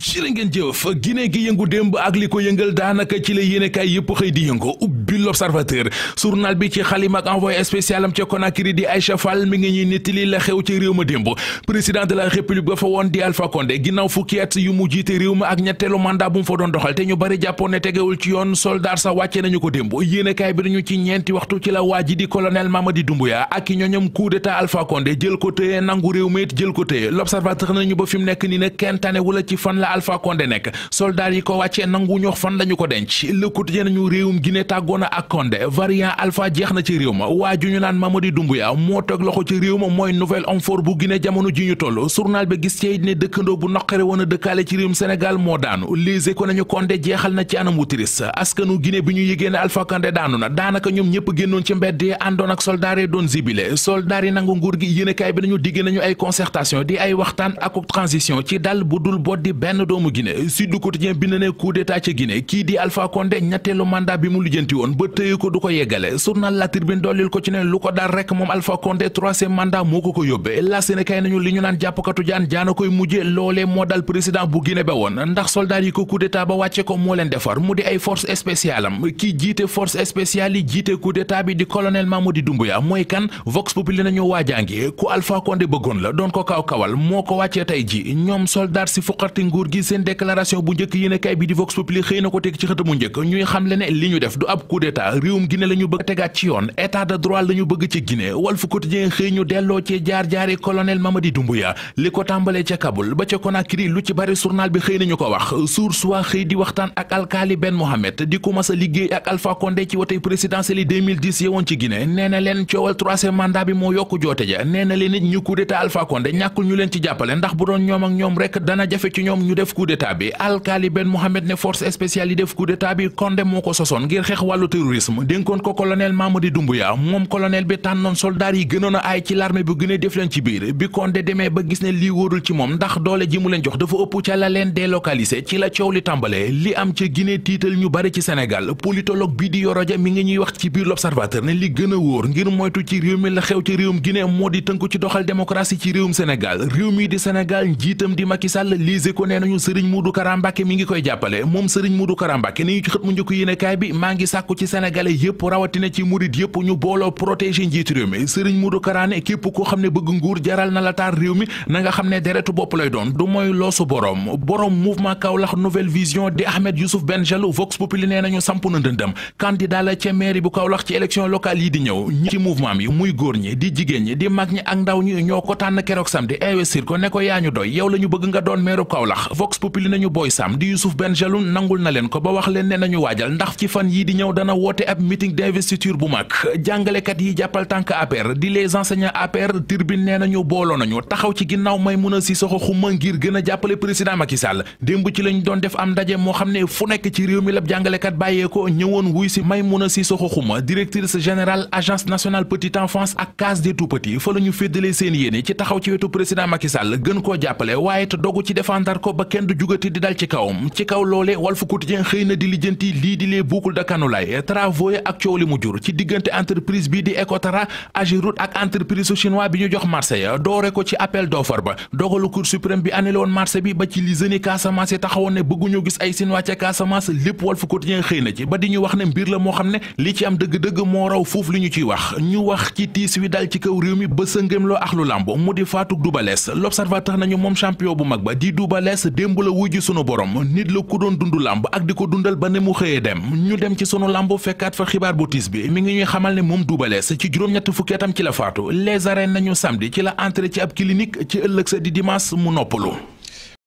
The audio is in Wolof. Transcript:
jërë ngeen jëf Guinée gi yëngu démb ak li ko yëngal daanaka ci la yéenekaay yëpp xëy di yëngu ubbi l'observateur journal bi ci xalima ak envoyé spécial am ca Conakry di Aïcha Fall mi ngi ñuy nettali la xew ci réew ma démb président de la république ba fa woon di Alpha Condé ginnaaw fukki at yu mu jiite réew ma ak ñetteelu mandat bu mu fa doon doxal te ñu bari jàppoon ne tegewul ci yoon soldat sa wàcce nañu ko démb yéenekaay bi nañu ci ñeenti waxtu ci ko téye ni la Alpha Condé nekk soldat yi ko wàccee nangu ñox fan la ko denc Le Quotidien nañu réewum Guinée tàggoona ak Condé variant Alpha jeex na ci réew ma waa ju ñu naan Mamadi Doumbouya moo teg loxo ci réew ma mooy nouvel homme fort bu gine jamono ji ñu toll journal bi gis ci ne dëkkandoo bu noqare woon a dëkkaale ci réewum Sénégal moo daanu Les Échos nañu Condé jeexal na ci anam wu triste askanu Guinée bi ñu yëgee ne Alpha Condé daanu na daanaka ñoom ñëpp génnoon ci mbedd yi àndoon ak soldat yi doon nangu nguur gi yéenekaay bi nañu digg nañu ay concertation di ay waxtaan ak transition ci dal bu dul boddi benn benn doomu Guinée Sud Quotidien bind ne coup d'état ca Guinée kii di Alpha Condé ñetteelu mandat bi mu lijjanti woon ba tëye ko du ko yeggale journal La Tribune dollil ko ci ne lu ko daal rek moom Alpha Condé troisième mandat moo ko ko yóbbee la Sénégal nañu li ñu naan jàppkatu jaan jaana koy mujje loolee moo dal président bu Guinée ba woon ndax soldat yi ko coup d'état ba wàcce ko moo leen defar mu di ay force spéciale kii jiite force spéciale jiite nguur gi bu njëkk yéen a kaay bi di xëy na ko teg ci xëtamu njëkk ñuy xam le li ñu def du ab coup d'état réewum Guinée la bëgg tegaat ci yoon état de droit la bëgg ci Guinée Walf Quotidien xëy ñu delloo ci jaar-jaari colonel Mamadi Doumbouya li ko tàmbalee ca Kaboul ba ca Conakry lu ci bari journal bi xëy nañu ko wax Source A xëy di waxtaan ak alkaali Ben Mohamed di commencé liggéey ak Alpha Condé ci wotey présidentielle 2010 yewoon def coup d'état bi alkaali Ben Mohamed ne force spéciale yi def coup d'état bi Condé moo ko sosoon ngir xeex wàllu terrorisme dénkoon ko colonel Mamadi Doumbouya moom colonel bi tànnoon soldaar yi gënoon a aay ci l'armée bu gën def leen ci biir bi Condé demee ba gis ne lii wóorul ci moom ndax doole ji mu leen jox dafa ëpp ca la leen délocalisé ci la coow li tàmbalee li am ca Guinée tiital ñu bari ci Sénégal politologue bi di Yoro Dia mi ngi ñuy wax ci biir l'Observateur ne di tënku ci doxal démocratie di Sénégal njiitam ko nee nañu sëriñ Modou Kara Mbacké mi ngi koy jàppale moom sëriñ Modou Kara Mbacké ni ñu ci xët mu njëkk yéenekaay bi maa ngi sàkku ci sénégalais yëpp rawatina ci murit yëpp ñu booloo protéger njiitu réew mi sëriñ Modou Kara ne képp koo xam ne bëgg nguur jaral na la taar réew mi na nga xam ne deretu bopp lay doon du mooy loosu boroom boroom mouvement Kaolack nouvelle vision di Ahmed Youssouf Bengelou Vox Populi nee nañu samp na ndëndam candidat la ca mairie bu Kaolack ci élection locale yi di ñëw ñi ci mouvement bi muy góor ñi di jigéen ñi di mag ñi ak ndaw ñi ñoo ko tànn keroog samedi investir ko ne ko yaa ñu doy yow la ñu bëgg nga doon maire bu Kaolack Vox Populi nañu Boy Sam di Youssouf Bengelloune nangul na leen ko ba wax leen ne nañu waajal ndax ci fan yii di ñëw dana woote ab meeting d'investiture bu mag jàngalekat yi jàppal tànk APR di les enseignants APR Tribune nee nañu booloo nañu taxaw ci ginnaaw Maïmouna Sissoko Khouma ngir gën a jàppale président Macky Sall démb ci lañ doon def am ndaje moo xam ne fu nekk ci réew mi lab jàngalekat bàyyee ko ñëwoon wuy si may Sissoko Khouma directrice générale agence nationale général enfance ak case des tout-petits fa la ñu seen yéene ci taxaw ci wetu président Macky Sall gën koo jàppale waaye te dogu ba kenn du jugati di dal ci kawam ci kaw loole Walf Quotidien xëy na di lijjanti lii di lee boucle de Kanolaay travaux ak coow li mu jur ci diggante entreprise bi di Ecotara Agiroute ak entreprise chinois bi ñu jox marché ya doore ko ci appel d'offre ba dogalu Cour suprême bi annulé woon marché bi ba ci li jeunes Casamance yi taxawoon ne bëgguñu gis ay chinois ca Casamance lépp Walf Quotidien xëy na ci ba di ñu wax ne mbir la moo xam ne li ci am dëgg-dëgg moo raw foofu li ñu ciy wax ñu wax ci tiis wi dal ci kaw mi ba sëngëm loo ak lu làmb mu di faatug Double Less l'observateur nañu moom champion bu mag ba di Double démb la wuy sunu borom nit la ku doon dund làmb ak di ko dundal ba ne mu xëyee dem ñu dem ci sunu làmb fekkaat fa xibaar bu bi mi ngi ñuy xamal ne moom duubalees ci juróom-ñett fukki tam ci la faatu les arènes nañu samedi ci la entré ci ab clinique ci ëllëg sa di dimaas mu noppalu